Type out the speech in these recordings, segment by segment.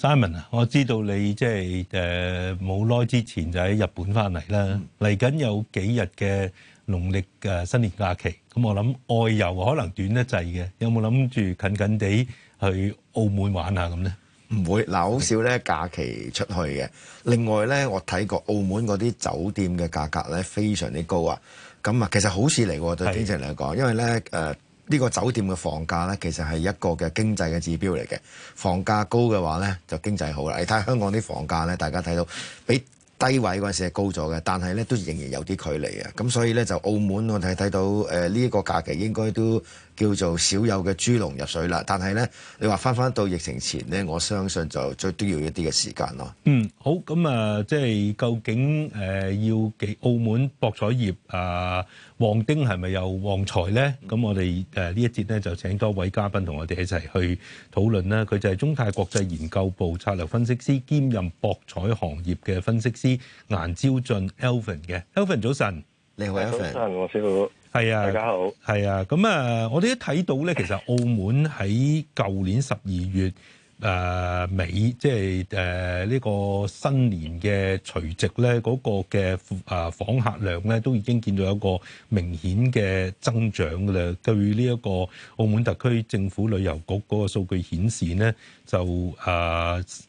Simon 啊，我知道你即係誒冇耐之前就喺日本翻嚟啦，嚟緊、嗯、有幾日嘅農曆誒新年假期，咁我諗外遊可能短得滯嘅，有冇諗住近近地去澳門玩下咁咧？唔會，嗱好少咧假期出去嘅。是另外咧，我睇過澳門嗰啲酒店嘅價格咧非常之高啊。咁啊，其實好事嚟喎，對經濟嚟講，是因為咧誒，呃呢個酒店嘅房價呢，其實係一個嘅經濟嘅指標嚟嘅。房價高嘅話呢，就經濟好啦。你睇香港啲房價呢，大家睇到比低位嗰陣時係高咗嘅，但係呢都仍然有啲距離啊。咁所以呢，就澳門我睇睇到誒呢個假期應該都，叫做少有嘅豬籠入水啦，但係咧，你話翻翻到疫情前咧，我相信就最都要一啲嘅時間咯。嗯，好，咁、呃、啊，即係究竟誒要幾澳門博彩業啊，旺丁係咪有旺財咧？咁我哋誒呢一節咧就請多位嘉賓同我哋一齊去討論啦。佢就係中泰國際研究部策略分析師兼任博彩行業嘅分析師顏招駿 Elvin 嘅。Elvin 早晨，你好。早晨上，我早。係啊，大家好。係啊，咁啊，我哋一睇到咧，其實澳門喺舊年十二月誒尾、呃，即係誒呢個新年嘅除夕咧，嗰、那個嘅誒訪客量咧，都已經見到有一個明顯嘅增長㗎啦。據呢一個澳門特區政府旅遊局嗰個數據顯示咧，就誒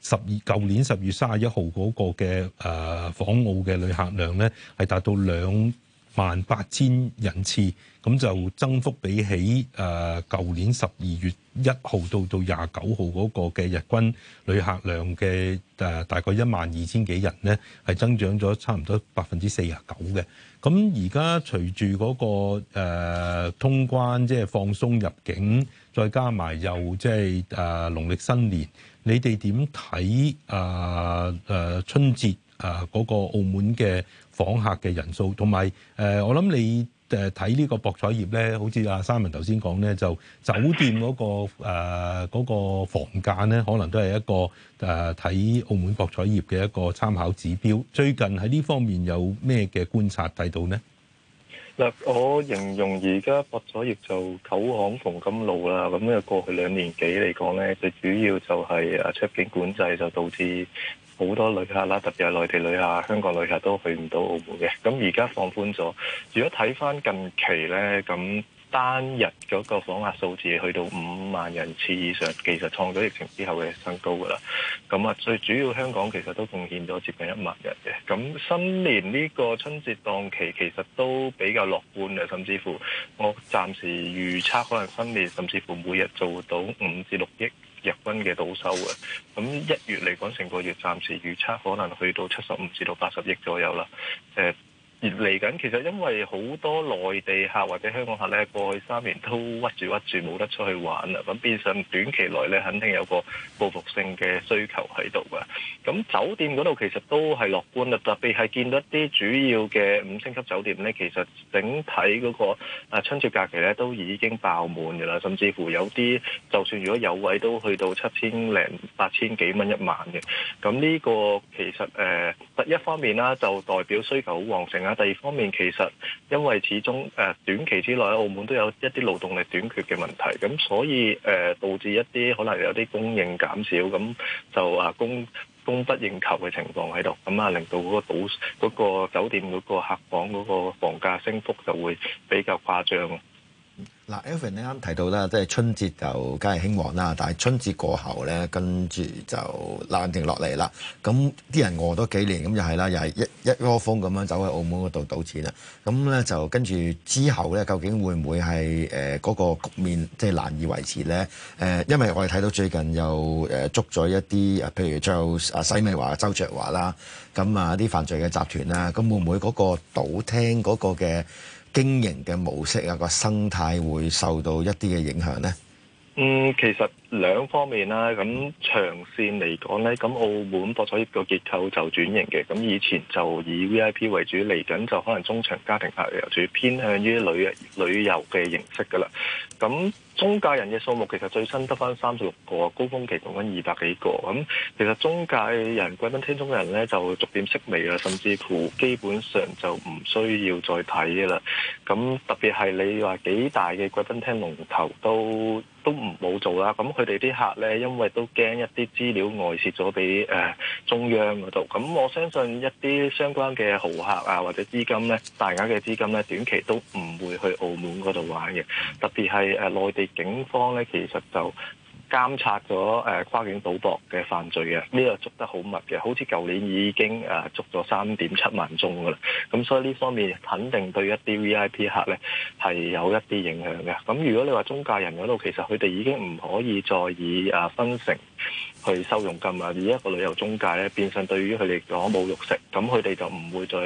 十二舊年十二月三十一號嗰個嘅誒訪澳嘅旅客量咧，係達到兩萬八千人次，咁就增幅比起誒舊、呃、年十二月一號到到廿九號嗰個嘅日均旅客量嘅誒、呃、大概一萬二千幾人咧，係增長咗差唔多百分之四啊九嘅。咁而家隨住嗰、那個、呃、通關即係、就是、放鬆入境，再加埋又即係誒農曆新年，你哋點睇誒誒春節？誒嗰、啊那個澳門嘅訪客嘅人數，同埋誒我諗你誒睇呢個博彩業咧，好似阿三文頭先講咧，就酒店嗰、那個誒、啊那個、房價咧，可能都係一個誒睇、啊、澳門博彩業嘅一個參考指標。最近喺呢方面有咩嘅觀察睇到呢？嗱，我形容而家博彩業就久旱逢甘露啦。咁、嗯、啊，過去兩年幾嚟講咧，最主要就係啊出境管制就導致。好多旅客啦，特別係內地旅客、香港旅客都去唔到澳門嘅。咁而家放寬咗，如果睇翻近期呢，咁單日嗰個訪客數字去到五萬人次以上，其實創咗疫情之後嘅新高㗎啦。咁啊，最主要香港其實都貢獻咗接近一萬人嘅。咁新年呢個春節檔期其實都比較樂觀嘅，甚至乎我暫時預測可能新年甚至乎每日做到五至六億。日均嘅賭收嘅，咁一月嚟講，成個月暫時預測可能去到七十五至到八十億左右啦，誒、呃。而嚟緊其實因為好多內地客或者香港客咧過去三年都屈住屈住冇得出去玩啦，咁變相短期內咧肯定有個報復性嘅需求喺度㗎。咁酒店嗰度其實都係樂觀啦，特別係見到一啲主要嘅五星級酒店咧，其實整體嗰個啊春節假期咧都已經爆滿㗎啦，甚至乎有啲就算如果有位都去到七千零八千幾蚊一晚嘅。咁呢個其實誒，呃、一方面啦就代表需求好旺盛。第二方面，其實因為始終誒、呃、短期之內澳門都有一啲勞動力短缺嘅問題，咁所以誒、呃、導致一啲可能有啲供應減少，咁就啊供供不應求嘅情況喺度，咁啊令到嗰個賭嗰、嗰個酒店嗰個客房嗰個房價升幅就會比較誇張。嗱，Elvin 你啱提到啦，即係春節就梗係興旺啦，但係春節過後咧，跟住就冷靜落嚟啦。咁啲人餓多幾年，咁又係啦，又係一一窩蜂咁樣走去澳門嗰度賭錢啦。咁咧就跟住之後咧，究竟會唔會係誒嗰個局面即係難以維持咧？誒、呃，因為我哋睇到最近又誒捉咗一啲誒，譬如就啊洗米華，周華、周焯華啦，咁啊啲犯罪嘅集團啦，咁會唔會嗰個賭廳嗰個嘅？經營嘅模式啊，個生態會受到一啲嘅影響呢。嗯，其實。兩方面啦，咁長線嚟講呢，咁澳門博彩業個結構就轉型嘅。咁以前就以 VIP 為主，嚟緊就可能中場家庭客，又主要偏向於旅旅遊嘅形式噶啦。咁中介人嘅數目其實最新得返三十六個，高峰期共翻二百幾個。咁其實中介人貴賓廳中嘅人呢，就逐漸式微啦，甚至乎基本上就唔需要再睇嘅啦。咁特別係你話幾大嘅貴賓廳龍頭都都唔冇做啦。咁佢哋啲客咧，因為都驚一啲資料外泄咗俾誒中央嗰度，咁我相信一啲相關嘅豪客啊，或者資金咧，大額嘅資金咧，短期都唔會去澳門嗰度玩嘅，特別係誒、呃、內地警方咧，其實就，監察咗誒跨境賭博嘅犯罪嘅，呢個捉得好密嘅，好似舊年已經誒捉咗三點七萬宗㗎啦。咁所以呢方面肯定對一啲 VIP 客咧係有一啲影響嘅。咁如果你話中介人嗰度，其實佢哋已經唔可以再以誒分成。去收佣金啊，而一個旅遊中介咧，變相對於佢哋嚟講冇肉食，咁佢哋就唔會再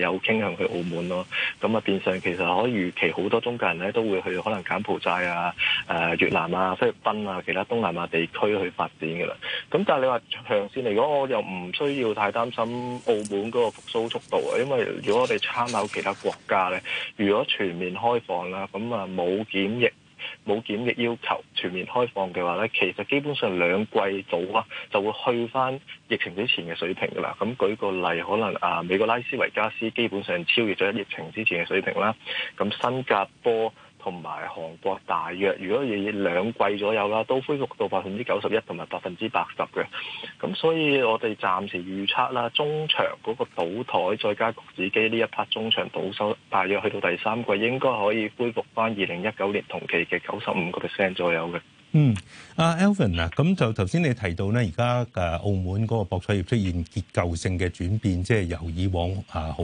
有傾向去澳門咯。咁啊，變相其實可以預期好多中介人咧都會去可能柬埔寨啊、誒、呃、越南啊、菲律賓啊、其他東南亞地區去發展嘅啦。咁但係你話長線嚟講，我我又唔需要太擔心澳門嗰個復甦速度啊，因為如果我哋參考其他國家咧，如果全面開放啦，咁啊冇檢疫。冇檢疫要求，全面開放嘅話呢，其實基本上兩季度啦，就會去返疫情之前嘅水平噶啦。咁舉個例，可能啊美國拉斯維加斯基本上超越咗疫情之前嘅水平啦。咁新加坡。同埋韓國大約，如果以兩季左右啦，都恢復到百分之九十一同埋百分之八十嘅。咁所以我哋暫時預測啦，中場嗰個賭台再加角子機呢一 part 中場賭收，大約去到第三季應該可以恢復翻二零一九年同期嘅九十五個 percent 左右嘅。嗯，阿 Alvin 啊，咁就頭先你提到咧，而家嘅澳門嗰個博彩業出現結構性嘅轉變，即係由以往啊好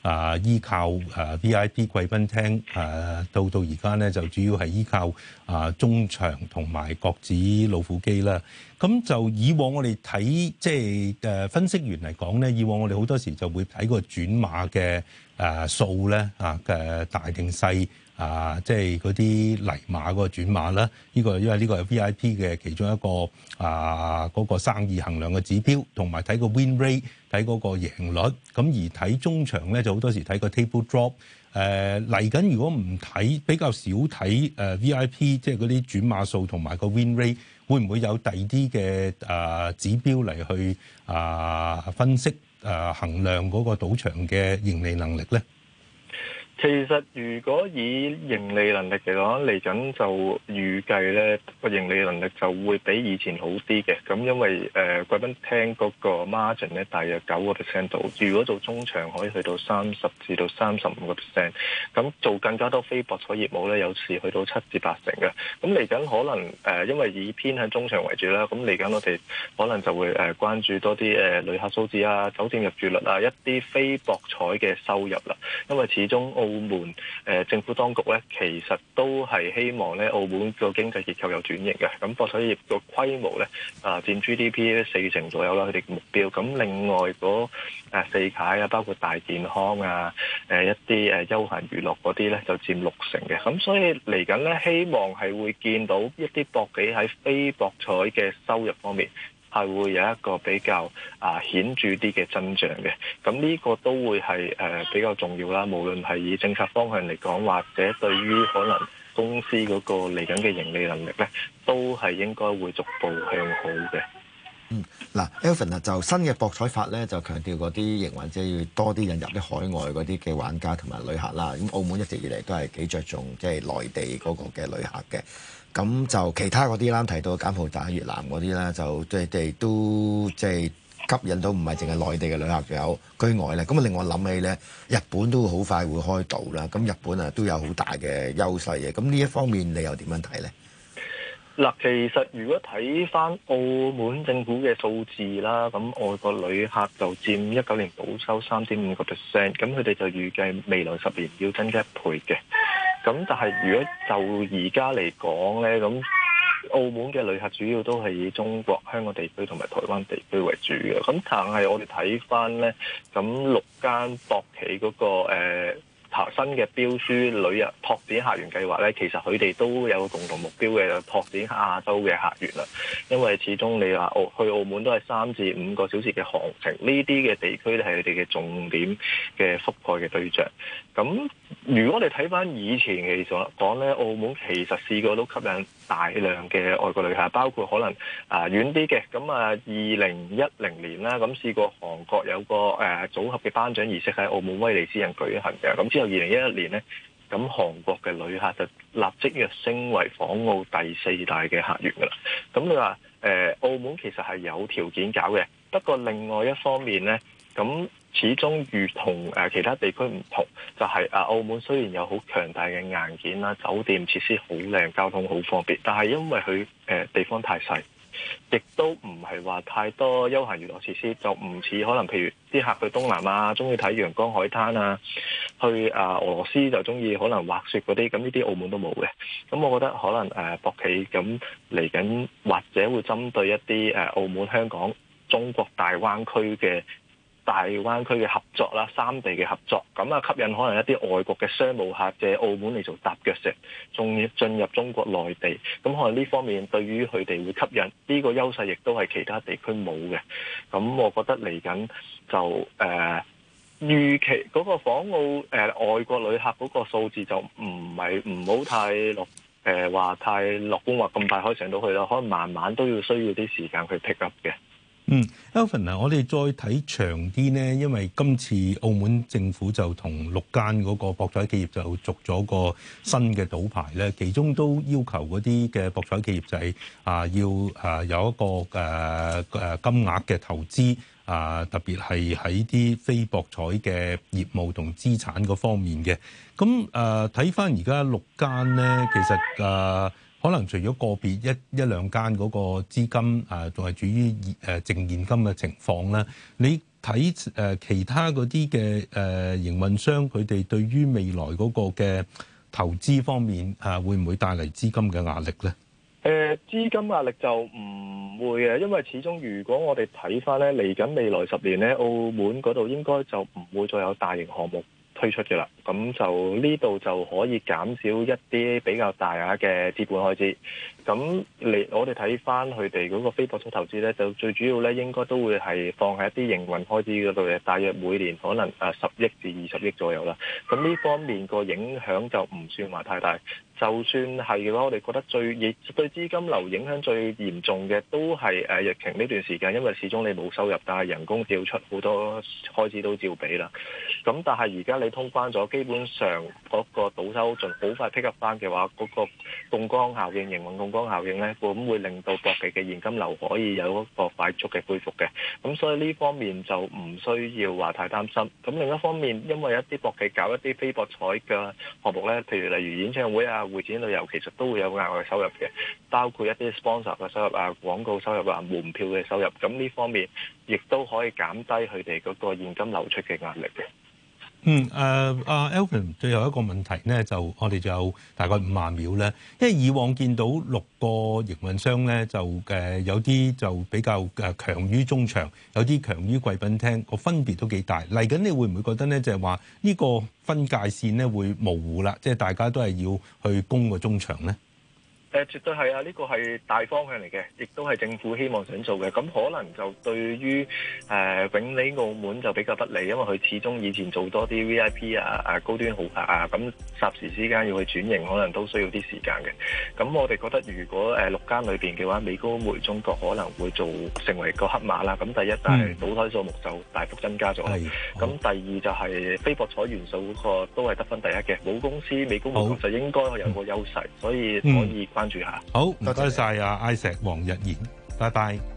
啊依靠誒 VIP 貴賓廳誒、啊，到到而家咧就主要係依靠啊中場同埋角子老虎機啦。咁就以往我哋睇即係誒分析員嚟講咧，以往我哋好多時就會睇個轉碼嘅。誒、啊、數咧，啊嘅大定細啊，即係嗰啲泥碼嗰個轉碼啦。呢個因為呢個係 V.I.P 嘅其中一個啊，嗰、嗰個生意衡量嘅指標，同埋睇個 win rate，睇嗰個贏率。咁而睇中場咧，就好多時睇個 table drop、啊。誒嚟緊如果唔睇，比較少睇誒 V.I.P，即係嗰啲轉碼數同埋個 win rate，會唔會有第二啲嘅誒指標嚟去啊分析？誒、啊、衡量嗰個賭場嘅盈利能力咧。其實，如果以盈利能力嚟講，嚟緊就預計呢個盈利能力就會比以前好啲嘅。咁因為誒、呃、貴賓廳嗰個 margin 呢，大約九個 percent 度，如果做中場可以去到三十至到三十五個 percent，咁做更加多非博彩業務呢，有時去到七至八成嘅。咁嚟緊可能誒、呃、因為以偏向中場為主啦，咁嚟緊我哋可能就會誒關注多啲誒旅客數字啊、酒店入住率啊、一啲非博彩嘅收入啦，因為始終、哦澳門誒政府當局咧，其實都係希望咧，澳門個經濟結構有轉型嘅。咁博彩業個規模咧，啊佔 GDP 咧四成左右啦，佢哋嘅目標。咁另外嗰誒四界啊，包括大健康啊，誒一啲誒休閒娛樂嗰啲咧，就佔六成嘅。咁所以嚟緊咧，希望係會見到一啲博企喺非博彩嘅收入方面，係會有一個比較啊顯著啲嘅增長嘅，咁呢個都會係誒、呃、比較重要啦。無論係以政策方向嚟講，或者對於可能公司嗰個嚟緊嘅盈利能力咧，都係應該會逐步向好嘅。嗯，嗱，Evan 就新嘅博彩法咧，就強調嗰啲營運者要多啲引入啲海外嗰啲嘅玩家同埋旅客啦。咁澳門一直以嚟都係幾着重即係內地嗰個嘅旅客嘅，咁就其他嗰啲啦，提到柬埔寨、越南嗰啲啦，就即係都即係吸引到唔係淨係內地嘅旅客，仲有居外咧。咁啊，令我諗起咧，日本都好快會開到啦。咁日本啊，都有好大嘅優勢嘅。咁呢一方面你，你又點樣睇咧？嗱，其實如果睇翻澳門政府嘅數字啦，咁外國旅客就佔一九年補收三點五個 percent，咁佢哋就預計未來十年要增加一倍嘅。咁但係如果就而家嚟講呢，咁澳門嘅旅客主要都係以中國、香港地區同埋台灣地區為主嘅。咁但係我哋睇翻呢，咁六間博企嗰、那個、呃新嘅標書旅遊拓展客源計劃咧，其實佢哋都有個共同目標嘅就拓展亞洲嘅客源啦。因為始終你話澳去澳門都係三至五個小時嘅航程，呢啲嘅地區咧，係佢哋嘅重點嘅覆蓋嘅對象。咁如果你睇返以前嘅所講咧，澳門其實試過都吸引。大量嘅外國旅客，包括可能、呃、遠啊遠啲嘅，咁啊二零一零年啦，咁試過韓國有個誒、呃、組合嘅頒獎儀式喺澳門威尼斯人舉行嘅，咁之後二零一一年呢，咁韓國嘅旅客就立即躍升為訪澳第四大嘅客源噶啦。咁你話誒，澳門其實係有條件搞嘅，不過另外一方面呢。咁始終與同誒其他地區唔同，就係啊，澳門雖然有好強大嘅硬件啦，酒店設施好靚，交通好方便，但係因為佢誒地方太細，亦都唔係話太多休閒娛樂設施，就唔似可能譬如啲客去東南亞中意睇陽光海灘啊，去啊俄羅斯就中意可能滑雪嗰啲，咁呢啲澳門都冇嘅。咁我覺得可能誒博企咁嚟緊，或者會針對一啲誒澳門、香港、中國大灣區嘅。大灣區嘅合作啦，三地嘅合作，咁啊吸引可能一啲外國嘅商務客借澳門嚟做搭腳石，仲進入中國內地，咁可能呢方面對於佢哋會吸引，呢、這個優勢亦都係其他地區冇嘅。咁我覺得嚟緊就誒、呃、預期嗰個訪澳誒、呃、外國旅客嗰個數字就唔係唔好太樂誒話太樂觀，話咁快可以上到去啦。可能慢慢都要需要啲時間去 pick up 嘅。嗯，Alvin 啊，我哋再睇長啲咧，因為今次澳門政府就同六間嗰個博彩企業就續咗個新嘅賭牌咧，其中都要求嗰啲嘅博彩企業就係啊，要啊有一個誒誒金額嘅投資啊，特別係喺啲非博彩嘅業務同資產嗰方面嘅。咁誒睇翻而家六間咧，其實誒。啊可能除咗個別一一兩間嗰個資金啊，仲係處於誒淨現金嘅情況咧。你睇誒、呃、其他嗰啲嘅誒營運商佢哋對於未來嗰個嘅投資方面啊，會唔會帶嚟資金嘅壓力咧？誒資、呃、金壓力就唔會嘅，因為始終如果我哋睇翻咧，嚟緊未來十年咧，澳門嗰度應該就唔會再有大型項目推出嘅啦。咁就呢度就可以減少一啲比較大額嘅資本開支。咁嚟我哋睇翻佢哋嗰個非博彩投資呢，就最主要呢應該都會係放喺一啲營運開支嗰度嘅，大約每年可能誒十億至二十億左右啦。咁呢方面個影響就唔算話太大。就算係嘅話，我哋覺得最影對資金流影響最嚴重嘅都係誒疫情呢段時間，因為始終你冇收入，但係人工照出，好多開支都照俾啦。咁但係而家你通關咗，基本上嗰個賭收仲好快 pick up 翻嘅話，嗰個槓桿效應、營運槓桿效應咧，咁會唔會令到博企嘅現金流可以有一個快速嘅恢復嘅。咁所以呢方面就唔需要話太擔心。咁另一方面，因為一啲博企搞一啲非博彩嘅項目呢，譬如例如演唱會啊、會展旅遊，其實都會有額外收入嘅，包括一啲 sponsor 嘅收入啊、廣告收入啊、門票嘅收入，咁呢方面亦都可以減低佢哋嗰個現金流出嘅壓力嘅。嗯，誒、uh, 阿、uh, Alvin 最後一個問題咧，就我哋仲有大概五萬秒咧，因為以往見到六個營運商咧，就誒、uh, 有啲就比較誒強於中場，有啲強於貴賓廳，個分別都幾大。嚟緊你會唔會覺得咧，就係話呢個分界線咧會模糊啦？即係大家都係要去攻個中場咧。誒，絕對係啊！呢個係大方向嚟嘅，亦都係政府希望想做嘅。咁可能就對於誒永利澳門就比較不利，因為佢始終以前做多啲 VIP 啊啊高端豪客啊，咁霎時之間要去轉型，可能都需要啲時間嘅。咁我哋覺得，如果誒六間裏邊嘅話，美高梅中國可能會做成為個黑馬啦。咁第一，但係賭台數目就大幅增加咗。咁第二就係非博彩元素嗰個都係得分第一嘅，冇公司美高梅就應該有個優勢，所以可以。關注下好，唔該晒啊，Isaac 黃日賢，拜拜。